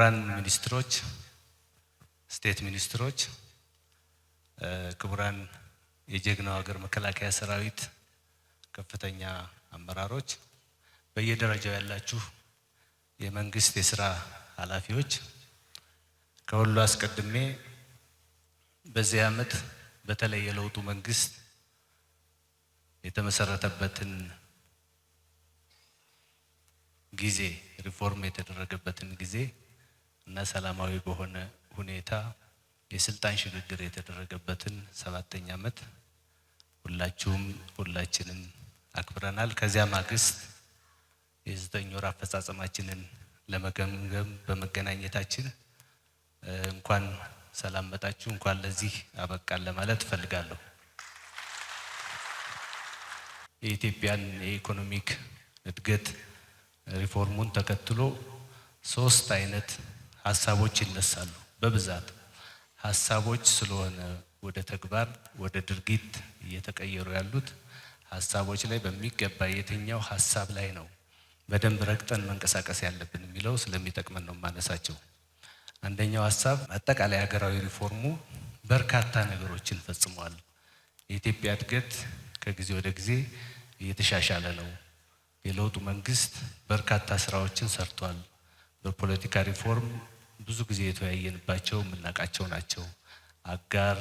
ክቡራን ሚኒስትሮች፣ ስቴት ሚኒስትሮች፣ ክቡራን የጀግናው ሀገር መከላከያ ሰራዊት ከፍተኛ አመራሮች፣ በየደረጃው ያላችሁ የመንግስት የስራ ኃላፊዎች፣ ከሁሉ አስቀድሜ በዚህ ዓመት በተለይ የለውጡ መንግስት የተመሰረተበትን ጊዜ ሪፎርም የተደረገበትን ጊዜ እና ሰላማዊ በሆነ ሁኔታ የስልጣን ሽግግር የተደረገበትን ሰባተኛ ዓመት ሁላችሁም ሁላችንን አክብረናል። ከዚያ ማግስት የዘጠኝ ወር አፈጻጸማችንን ለመገምገም በመገናኘታችን እንኳን ሰላም መጣችሁ፣ እንኳን ለዚህ አበቃን ለማለት እፈልጋለሁ። የኢትዮጵያን የኢኮኖሚክ እድገት ሪፎርሙን ተከትሎ ሶስት አይነት ሀሳቦች ይነሳሉ። በብዛት ሀሳቦች ስለሆነ ወደ ተግባር ወደ ድርጊት እየተቀየሩ ያሉት ሀሳቦች ላይ በሚገባ የትኛው ሀሳብ ላይ ነው በደንብ ረግጠን መንቀሳቀስ ያለብን የሚለው ስለሚጠቅመን ነው ማነሳቸው። አንደኛው ሀሳብ አጠቃላይ ሀገራዊ ሪፎርሙ በርካታ ነገሮችን ፈጽመዋል። የኢትዮጵያ እድገት ከጊዜ ወደ ጊዜ እየተሻሻለ ነው። የለውጡ መንግስት በርካታ ስራዎችን ሰርቷል። በፖለቲካ ሪፎርም ብዙ ጊዜ የተወያየንባቸው የምናውቃቸው ናቸው። አጋር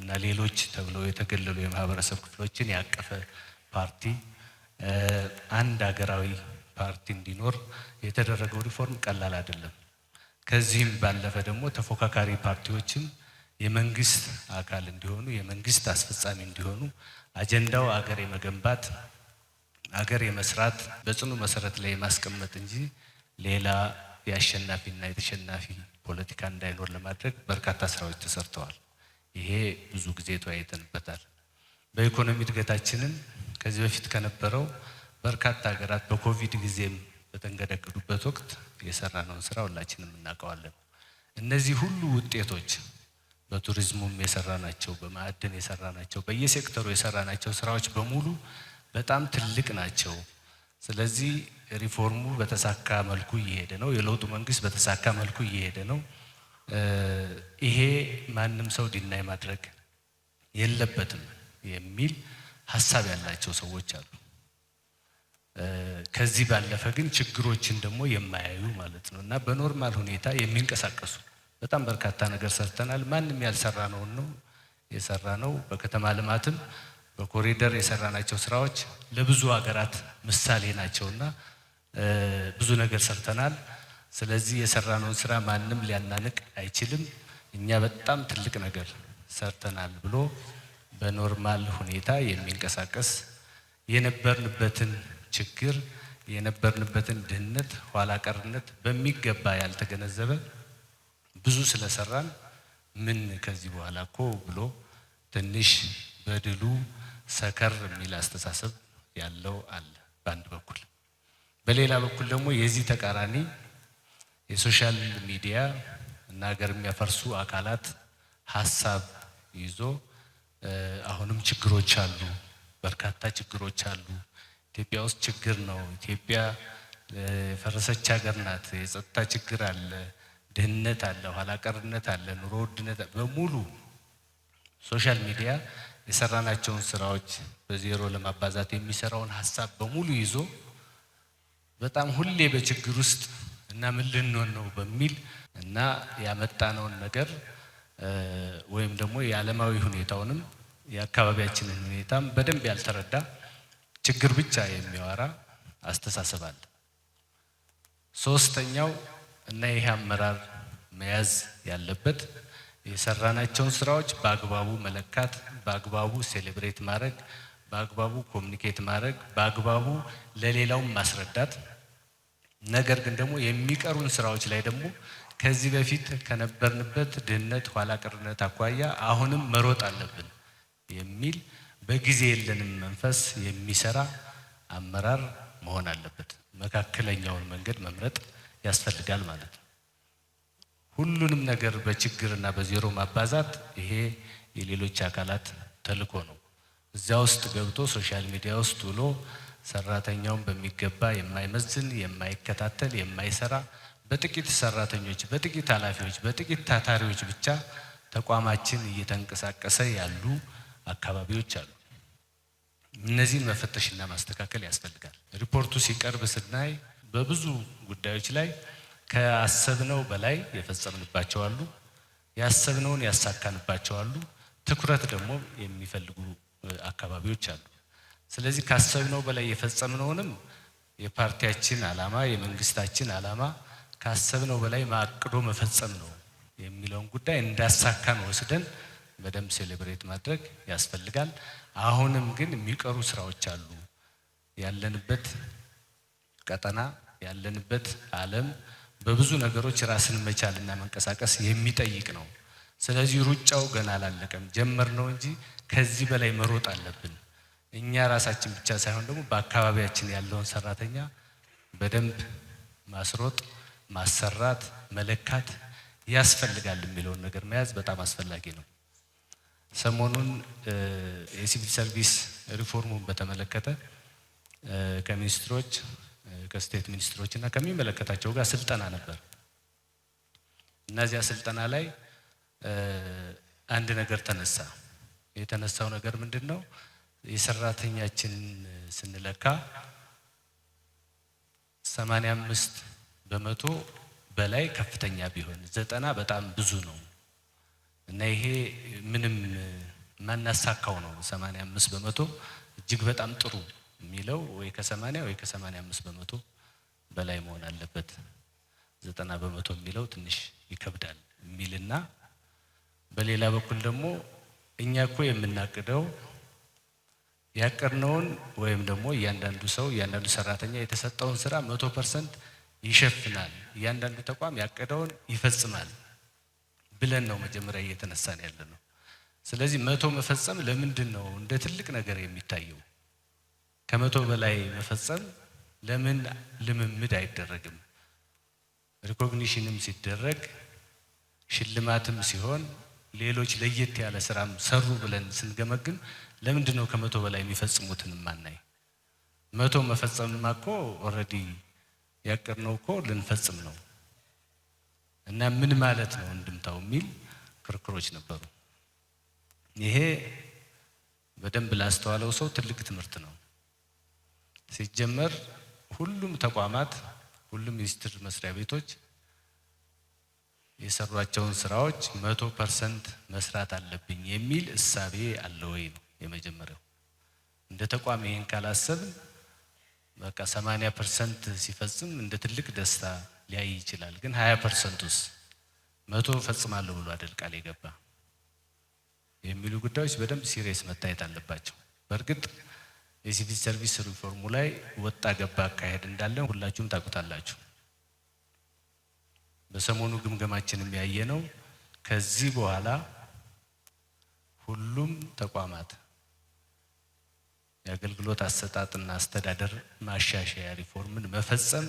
እና ሌሎች ተብለው የተገለሉ የማህበረሰብ ክፍሎችን ያቀፈ ፓርቲ አንድ ሀገራዊ ፓርቲ እንዲኖር የተደረገው ሪፎርም ቀላል አይደለም። ከዚህም ባለፈ ደግሞ ተፎካካሪ ፓርቲዎችም የመንግስት አካል እንዲሆኑ የመንግስት አስፈጻሚ እንዲሆኑ አጀንዳው አገር የመገንባት አገር የመስራት በጽኑ መሰረት ላይ የማስቀመጥ እንጂ ሌላ የአሸናፊና የተሸናፊ ፖለቲካ እንዳይኖር ለማድረግ በርካታ ስራዎች ተሰርተዋል። ይሄ ብዙ ጊዜ ተወያይተንበታል። በኢኮኖሚ እድገታችንም ከዚህ በፊት ከነበረው በርካታ ሀገራት በኮቪድ ጊዜም በተንገደገዱበት ወቅት የሰራነውን ስራ ሁላችንም እናውቀዋለን። እነዚህ ሁሉ ውጤቶች በቱሪዝሙም የሰራናቸው፣ በማዕድን የሰራ ናቸው በየሴክተሩ የሰራ ናቸው ስራዎች በሙሉ በጣም ትልቅ ናቸው። ስለዚህ ሪፎርሙ በተሳካ መልኩ እየሄደ ነው። የለውጡ መንግስት በተሳካ መልኩ እየሄደ ነው። ይሄ ማንም ሰው ዲናይ ማድረግ የለበትም የሚል ሀሳብ ያላቸው ሰዎች አሉ። ከዚህ ባለፈ ግን ችግሮችን ደግሞ የማያዩ ማለት ነው እና በኖርማል ሁኔታ የሚንቀሳቀሱ በጣም በርካታ ነገር ሰርተናል። ማንም ያልሰራ ነውን ነው የሰራ ነው። በከተማ ልማትም በኮሪደር የሰራናቸው ስራዎች ለብዙ ሀገራት ምሳሌ ናቸውና ብዙ ነገር ሰርተናል። ስለዚህ የሰራነውን ስራ ማንም ሊያናንቅ አይችልም። እኛ በጣም ትልቅ ነገር ሰርተናል ብሎ በኖርማል ሁኔታ የሚንቀሳቀስ የነበርንበትን ችግር የነበርንበትን ድህነት፣ ኋላ ቀርነት በሚገባ ያልተገነዘበ ብዙ ስለሰራን ምን ከዚህ በኋላ እኮ ብሎ ትንሽ በድሉ ሰከር የሚል አስተሳሰብ ያለው አለ በአንድ በኩል በሌላ በኩል ደግሞ የዚህ ተቃራኒ የሶሻል ሚዲያ እና ሀገር የሚያፈርሱ አካላት ሀሳብ ይዞ አሁንም ችግሮች አሉ፣ በርካታ ችግሮች አሉ፣ ኢትዮጵያ ውስጥ ችግር ነው፣ ኢትዮጵያ የፈረሰች ሀገር ናት፣ የጸጥታ ችግር አለ፣ ድህነት አለ፣ ኋላቀርነት አለ፣ ኑሮ ውድነት በሙሉ ሶሻል ሚዲያ የሰራናቸውን ስራዎች በዜሮ ለማባዛት የሚሰራውን ሀሳብ በሙሉ ይዞ በጣም ሁሌ በችግር ውስጥ እና ምን ልንሆን ነው በሚል እና ያመጣነውን ነገር ወይም ደግሞ የዓለማዊ ሁኔታውንም የአካባቢያችንን ሁኔታም በደንብ ያልተረዳ ችግር ብቻ የሚያወራ አስተሳሰብ አለ። ሶስተኛው እና ይህ አመራር መያዝ ያለበት የሰራናቸውን ስራዎች በአግባቡ መለካት፣ በአግባቡ ሴሌብሬት ማድረግ በአግባቡ ኮሚኒኬት ማድረግ፣ በአግባቡ ለሌላውም ማስረዳት፣ ነገር ግን ደግሞ የሚቀሩን ስራዎች ላይ ደግሞ ከዚህ በፊት ከነበርንበት ድህነት፣ ኋላ ቀርነት አኳያ አሁንም መሮጥ አለብን የሚል በጊዜ የለንም መንፈስ የሚሰራ አመራር መሆን አለበት። መካከለኛውን መንገድ መምረጥ ያስፈልጋል ማለት ነው። ሁሉንም ነገር በችግርና በዜሮ ማባዛት ይሄ የሌሎች አካላት ተልዕኮ ነው። እዚያ ውስጥ ገብቶ ሶሻል ሚዲያ ውስጥ ውሎ ሰራተኛውን በሚገባ የማይመዝን የማይከታተል የማይሰራ በጥቂት ሰራተኞች በጥቂት ኃላፊዎች በጥቂት ታታሪዎች ብቻ ተቋማችን እየተንቀሳቀሰ ያሉ አካባቢዎች አሉ። እነዚህን መፈተሽና ማስተካከል ያስፈልጋል። ሪፖርቱ ሲቀርብ ስናይ በብዙ ጉዳዮች ላይ ከአሰብነው በላይ የፈጸምንባቸው አሉ። ያሰብነውን ያሳካንባቸው አሉ። ትኩረት ደግሞ የሚፈልጉ አካባቢዎች አሉ። ስለዚህ ካሰብነው በላይ የፈጸምነውንም የፓርቲያችን ዓላማ የመንግስታችን ዓላማ ካሰብነው በላይ ማቅዶ መፈጸም ነው የሚለውን ጉዳይ እንዳሳካን ወስደን በደንብ ሴሌብሬት ማድረግ ያስፈልጋል። አሁንም ግን የሚቀሩ ስራዎች አሉ። ያለንበት ቀጠና ያለንበት ዓለም በብዙ ነገሮች ራስን መቻልና መንቀሳቀስ የሚጠይቅ ነው። ስለዚህ ሩጫው ገና አላለቀም፣ ጀመር ነው እንጂ ከዚህ በላይ መሮጥ አለብን። እኛ ራሳችን ብቻ ሳይሆን ደግሞ በአካባቢያችን ያለውን ሰራተኛ በደንብ ማስሮጥ፣ ማሰራት፣ መለካት ያስፈልጋል የሚለውን ነገር መያዝ በጣም አስፈላጊ ነው። ሰሞኑን የሲቪል ሰርቪስ ሪፎርሙን በተመለከተ ከሚኒስትሮች ከስቴት ሚኒስትሮች እና ከሚመለከታቸው ጋር ስልጠና ነበር። እነዚያ ስልጠና ላይ አንድ ነገር ተነሳ። የተነሳው ነገር ምንድን ነው? የሰራተኛችንን ስንለካ ሰማንያ አምስት በመቶ በላይ ከፍተኛ ቢሆን ዘጠና በጣም ብዙ ነው እና ይሄ ምንም የማናሳካው ነው። ሰማንያ አምስት በመቶ እጅግ በጣም ጥሩ የሚለው ወይ ከሰማንያ ወይ ከሰማንያ አምስት በመቶ በላይ መሆን አለበት። ዘጠና በመቶ የሚለው ትንሽ ይከብዳል የሚልና በሌላ በኩል ደግሞ እኛ እኮ የምናቅደው ያቀድነውን ወይም ደግሞ እያንዳንዱ ሰው እያንዳንዱ ሰራተኛ የተሰጠውን ስራ መቶ ፐርሰንት ይሸፍናል፣ እያንዳንዱ ተቋም ያቀደውን ይፈጽማል ብለን ነው መጀመሪያ እየተነሳን ያለ ነው። ስለዚህ መቶ መፈጸም ለምንድን ነው እንደ ትልቅ ነገር የሚታየው? ከመቶ በላይ መፈጸም ለምን ልምምድ አይደረግም? ሪኮግኒሽንም ሲደረግ ሽልማትም ሲሆን ሌሎች ለየት ያለ ስራም ሰሩ ብለን ስንገመግም ለምንድን ነው ከመቶ በላይ የሚፈጽሙትን ማናይ? መቶ መፈጸምማ እኮ ኦልሬዲ ያቀድነው እኮ ልንፈጽም ነው እና ምን ማለት ነው እንድምታው የሚል ክርክሮች ነበሩ። ይሄ በደንብ ላስተዋለው ሰው ትልቅ ትምህርት ነው። ሲጀመር ሁሉም ተቋማት ሁሉም ሚኒስቴር መስሪያ ቤቶች የሰሯቸውን ስራዎች መቶ ፐርሰንት መስራት አለብኝ የሚል እሳቤ አለ ወይ ነው የመጀመሪያው። እንደ ተቋም ይህን ካላሰብ በቃ 80 ፐርሰንት ሲፈጽም እንደ ትልቅ ደስታ ሊያይ ይችላል። ግን ፐርሰንት ፐርሰንቱስ መቶ ፈጽማለሁ ብሎ አይደል ቃል የገባ የሚሉ ጉዳዮች በደንብ ሲሪየስ መታየት አለባቸው። በእርግጥ የሲቪል ሰርቪስ ሪፎርሙ ላይ ወጣ ገባ አካሄድ እንዳለን ሁላችሁም ታውቁታላችሁ። በሰሞኑ ግምገማችን የሚያየ ነው። ከዚህ በኋላ ሁሉም ተቋማት የአገልግሎት አሰጣጥና አስተዳደር ማሻሻያ ሪፎርምን መፈጸም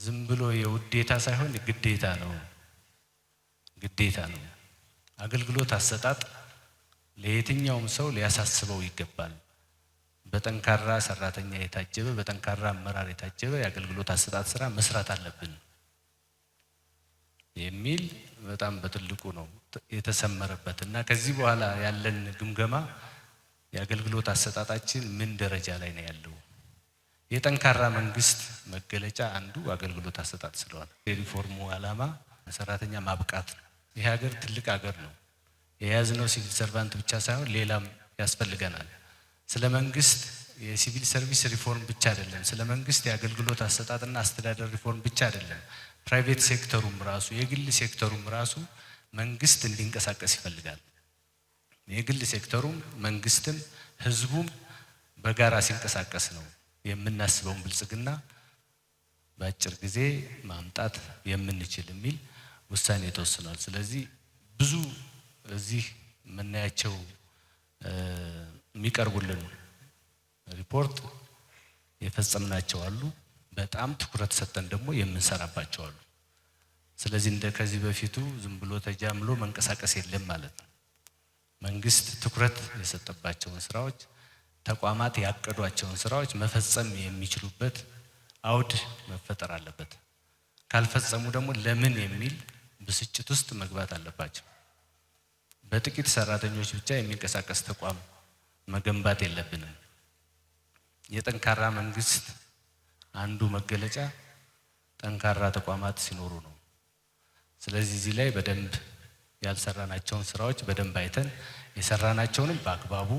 ዝም ብሎ የውዴታ ሳይሆን ግዴታ ነው ግዴታ ነው። አገልግሎት አሰጣጥ ለየትኛውም ሰው ሊያሳስበው ይገባል። በጠንካራ ሰራተኛ የታጀበ በጠንካራ አመራር የታጀበ የአገልግሎት አሰጣጥ ስራ መስራት አለብን። የሚል በጣም በትልቁ ነው የተሰመረበት እና ከዚህ በኋላ ያለን ግምገማ የአገልግሎት አሰጣጣችን ምን ደረጃ ላይ ነው ያለው። የጠንካራ መንግስት መገለጫ አንዱ አገልግሎት አሰጣጥ ስለሆነ የሪፎርሙ ዓላማ ሰራተኛ ማብቃት ነው። ይህ ሀገር ትልቅ ሀገር ነው። የያዝነው ሲቪል ሰርቫንት ብቻ ሳይሆን ሌላም ያስፈልገናል። ስለ መንግስት የሲቪል ሰርቪስ ሪፎርም ብቻ አይደለም። ስለ መንግስት የአገልግሎት አሰጣጥና አስተዳደር ሪፎርም ብቻ አይደለም። ፕራይቬት ሴክተሩም ራሱ የግል ሴክተሩም ራሱ መንግስት እንዲንቀሳቀስ ይፈልጋል። የግል ሴክተሩም መንግስትም ህዝቡም በጋራ ሲንቀሳቀስ ነው የምናስበውን ብልጽግና በአጭር ጊዜ ማምጣት የምንችል የሚል ውሳኔ ተወስኗል። ስለዚህ ብዙ እዚህ የምናያቸው የሚቀርቡልን ሪፖርት የፈጸምናቸው አሉ። በጣም ትኩረት ሰጥተን ደግሞ የምንሰራባቸው አሉ። ስለዚህ እንደ ከዚህ በፊቱ ዝም ብሎ ተጃምሎ መንቀሳቀስ የለም ማለት ነው። መንግስት ትኩረት የሰጠባቸውን ስራዎች፣ ተቋማት ያቀዷቸውን ስራዎች መፈጸም የሚችሉበት አውድ መፈጠር አለበት። ካልፈጸሙ ደግሞ ለምን የሚል ብስጭት ውስጥ መግባት አለባቸው። በጥቂት ሰራተኞች ብቻ የሚንቀሳቀስ ተቋም መገንባት የለብንም። የጠንካራ መንግስት አንዱ መገለጫ ጠንካራ ተቋማት ሲኖሩ ነው። ስለዚህ እዚህ ላይ በደንብ ያልሰራናቸውን ስራዎች በደንብ አይተን የሰራናቸውንም በአግባቡ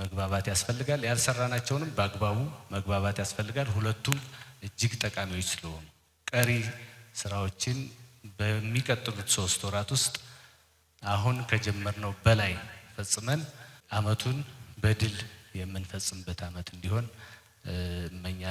መግባባት ያስፈልጋል፣ ያልሰራናቸውንም በአግባቡ መግባባት ያስፈልጋል። ሁለቱም እጅግ ጠቃሚዎች ስለሆኑ ቀሪ ስራዎችን በሚቀጥሉት ሶስት ወራት ውስጥ አሁን ከጀመርነው በላይ ፈጽመን አመቱን በድል የምንፈጽምበት አመት እንዲሆን እመኛለሁ።